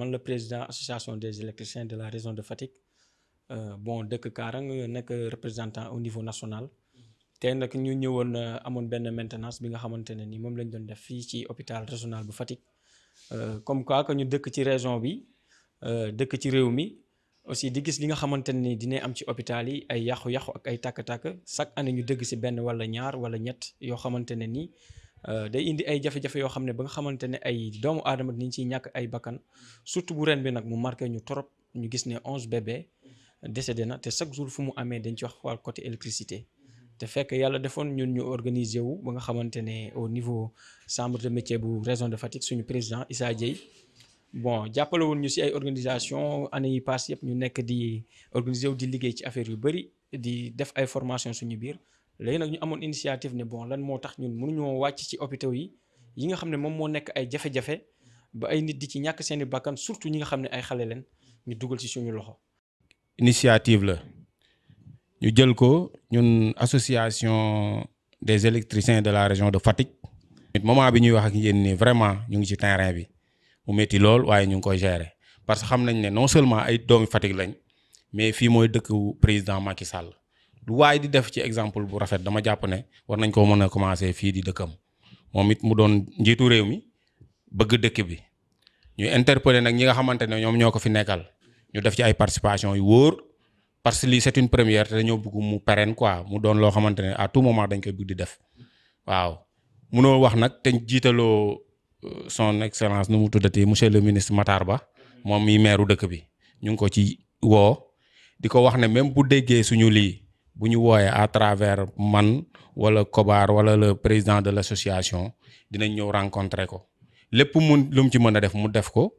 man la président association des électriciens de la région de Fatick euh, bon dëkk Kaarang nekk représentant au niveau national te nag ñu ñëwoon euh, amoon benn maintenance bi nga xamante ne ni moom lañ doon def fii ci hôpital régional bu Fatick euh, comme quoi que ñu dëkk ci région bi dëkk ci réew mi aussi di gis li nga xamante ne ni dina am ci hôpital yi ay yàqu-yàqu ak ay tàkk-tàkk chaque année ñu dëgg si benn wala ñaar wala ñett yoo xamante nii Euh, day indi ay jafe-jafe yoo xam ne ba nga xamante ne ay doomu aadama dinañ ciy ñàkk ay bakkan surtout bu ren bi nag mu marqué ñu trop ñu gis ne onze bébé décédé na te chaque jour fu mu amee dañ ci wax wàll côté électricité te fekk yàlla defoon ñun ñu organiser wu ba nga xamante ne au niveau chambre de métier bu région de Fatick suñu président Issa Dieye bon jàppale woon ñu si ay organisation année yi passé yëpp ñu nekk di organiser wu di liggéey ci affaire yu bëri di def ay formation suñu biir léegi nag ñu amoon initiative ne bon lan moo tax ñun mënuñoo wàcc ci hôpitaux yi yi nga xam ne moom moo nekk ay jafe-jafe ba ay nit di ci ñàkk seeni bakkan surtout ñi nga xam ne ay xale leen ñu dugal ci suñu loxo. initiative la ñu jël ko ñun association des électriciens de la région de Fatick. moment bi ñuy wax ak yéen nii vraiment ñu ngi ci terrain bi mu métti lool waaye ñu ngi koy gérer parce que xam nañ ne non seulement ay doomi Fatick lañ mais fii mooy dëkk président Macky Sall. lu waaye di def ci exemple bu rafet dama jàpp ne war nañ koo mën a commencer fii di dëkkam moom it mu doon njiitu réew mi bëgg dëkk bi ñuy interpeller nag ñi nga xamante ne ñoom ñoo ko fi nekkal ñu def ci ay participation yu wóor parce que lii c'est une première te dañoo bëgg mu pérenne quoi mu doon loo xamante ne à tout moment dañ koy bëgg di def waaw mënoo wax nag te jiitaloo euh, son excellence nu mu tuddati monsieur le ministre mataar Ba moom mi meeru dëkk bi ñu ngi ko ci woo di ko wax ne même bu déggee suñu lii bu ñu wooyee à travers man wala Kobar wala le président de l'association dinañ ñëw rencontrer ko lépp mun lu mu ci mën a def mu def ko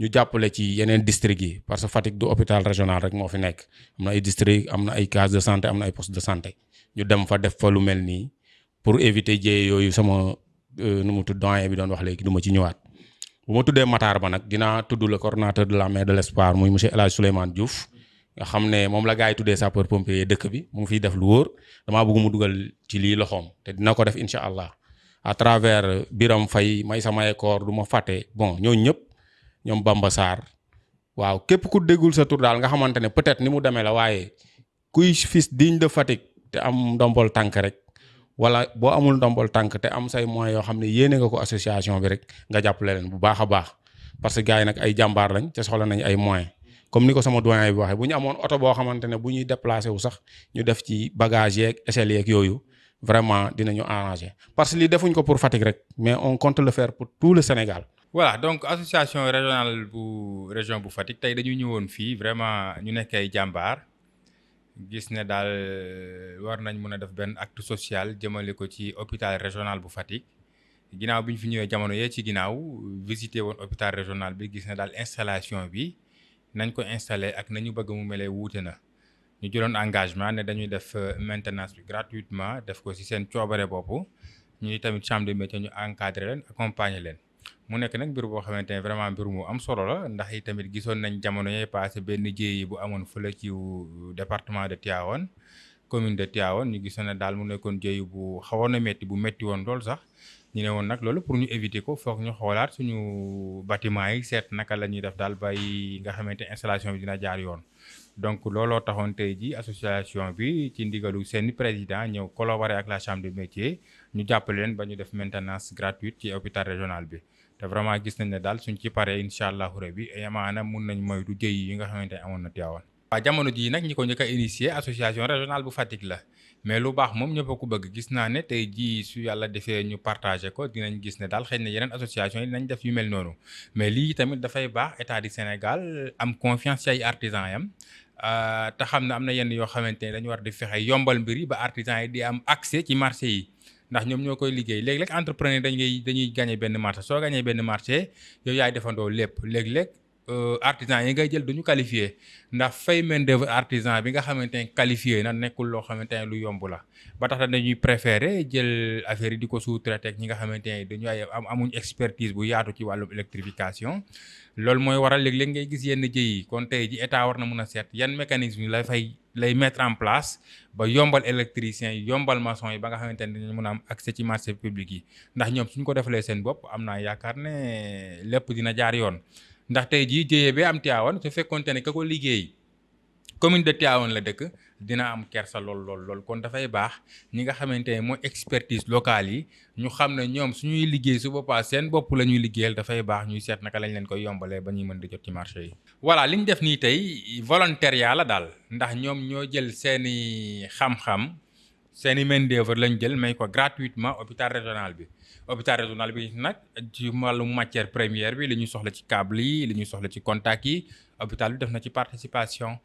ñu jàppale ci yeneen districts yi parce que Fatick du hôpital régional rek moo fi nekk am na ay districts am na ay cases de santé am na ay postes de santé ñu dem fa def fa lu mel nii pour éviter jéye yooyu sama euh, nu mu tudd doyen bi doon wax léegi du ma ci ñëwaat bu ma tuddee Matar ba nag dinaa tudd le coordonnateur de la Maison de l'Espoir nga xam ne moom la gaa yi tuddee sapeur pompier dëkk bi mu ngi fiy def lu wóor damaa bëgg mu dugal ci lii loxoom te dina ko def incha allah à travers Biram Fay may samay koor du ma fàtte bon ñooñu ñëpp ñoom Bamba Sarr waaw képp ku déggul sa tour daal nga xamante ne peut-être ni mu demee la waaye kuy fils digne de Fatick te am ndombol tànk rek wala boo amul ndombol tànk te am say moyens yoo xam ne yéene nga ko association bi rek nga jàppale leen bu baax a baax parce que gars nag ay jàmbaar lañ te soxla nañ ay moyens comme ni ko sama doyen bi waxee bu ñu amoon oto boo xamante ne bu ñuy déplacé wu sax ñu def ci bagage yeeg échelle yooyu vraiment dinañu arranger parce que lii defuñ ko pour Fatick rek mais on compte le faire pour tout le Sénégal. voilà donc association régionale bu région bu Fatick tey dañu ñëwoon fii vraiment ñu nekk jàmbaar gis ne daal euh, war nañ mën a def benn acte sociale jëmale ko ci hôpital régional bu Fatick. ginnaaw bi ñu fi ñëwee jamono yee ci ginnaaw visité woon hôpital régional bi gis ne daal installation bi. nañ ko installé ak nañu bëgg mu melee wuute na ñu jëloon engagement ne dañuy def euh, maintenance bi gratuitement def ko ci seen coobare bopp ñuy tamit chambre de métier ñu encadré leen accompagner leen mu nekk nag mbir boo xamante ne vraiment mbir mu am solo la ndax i tamit gisoon nañ jamono yee passé benn jéeyi bu amoon fële ci département de Tivaouane commune de Tivaouane ñu gisoon ne daal mu nekkoon jéeyi bu xawoon na métti bu métti woon lool sax ñu ne woon nag loolu pour ñu éviter ko foog ñu xoolaat suñu bâtiment yi seet naka la ñuy def daal bay nga xamante installation bi dina jaar yoon. donc looloo taxoon ji association bi ci ndigalu seeni président ñëw collaborer ak la chambre de métier ñu jàpp leen ba ñu def maintenance gratuite ci hôpital régional bi. te vraiment gis nañ ne daal suñ ci paree incha allahu rabi amaana mun nañ moytu jëy yi nga xamante ne amoon na teewoon. waaw jamono jii nag ñi ko njëkk a initié association régionale bu Fatick la mais lu baax moom ñëpp a ko bëgg gis naa ne tey ji su yàlla defee ñu partagé ko dinañ gis ne daal xëy na yeneen association yi dinañ def yu mel noonu mais lii tamit dafay baax état di Sénégal am confiance ci ay artisans yam ah, te xam ne am na yenn yoo xamante ne dañu war di fexe yombal mbir yi ba artisans yi di am accès ci marché yi. ndax ñoom ñoo koy liggéey léeg-léeg entrepreneur dañuy dañuy gagné benn marché soo gagné benn marché yow yaay defandoo lépp léeg-léeg Euh, artisan yi ngay jël duñu qualifié ndax fay main d'œuvre artisan bi nga xamante ne qualifié na nekkul loo xamante ne lu yomb la ba tax dañuy préféré jël affaire yi di ko sous-traité ñi nga xamante ne dañu ay am amuñ expertise bu yaatu ci wàllum électrification loolu mooy waral léeg-léeg ngay gis yenn jëyi kon tey ji état war na mun a seet yan mécanisme la fay lay mettre en place ba yombal électricien yi yombal maçon yi ba nga xamante ne dañu mën a am accès ci marché public yi ndax ñoom suñ ko defalee seen bopp am naa yaakaar ne lépp dina jaar yoon ndax tey jii jéyee bi am Tivaouane su fekkonte ne ka ko liggéey commune de Tivaouane la dëkk dina am kersa lool lool lool kon dafay baax ñi nga xamante ne mooy expertise locale yi ñu xam ne ñoom suñuy liggéey su boppaa seen bopp la ñuy liggéeyal dafay baax ñuy seet naka lañ leen koy yombalee ba ñuy mën di jot ci marché yi. voilà li ñu def nii tey volontariat la daal ndax ñoom ñoo jël seeni xam-xam. seen seeni main d'œuvre lañ jël may ko gratuitement hôpital régional bi hôpital régional bi nag ci wàllum matière première bi li ñuy soxla ci câble yi li ñuy soxla ci contact yi hôpital bi def na ci participation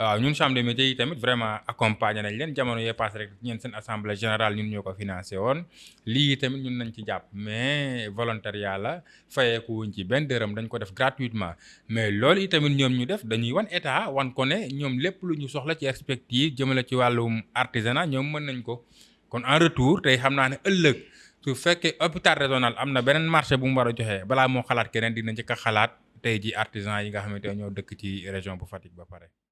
waaw ñun chambre de métiers yi tamit vraiment accompagné nañ leen jamono yee paase rek ñeen seen assemblée générale ñun ñoo ko financé woon lii tamit ñun nañ ci jàpp mais volontariat la fayeeku wuñ ci benn dërëm dañ ko def gratuitement mais loolu tamit ñoom ñu def dañuy wan état wan ko ne ñoom lépp lu ñu soxla ci expertise jëmale ci wàllum artisanat ñoom mën nañ ko kon en retour tey xam naa ne ëllëg su fekkee hôpital régional am na beneen marché bu mu war a joxe balaa moo xalaat keneen dina njëkk a xalaat tey ji artisan yi nga xamante ne ñoo dëkk ci région bu Fatick ba pare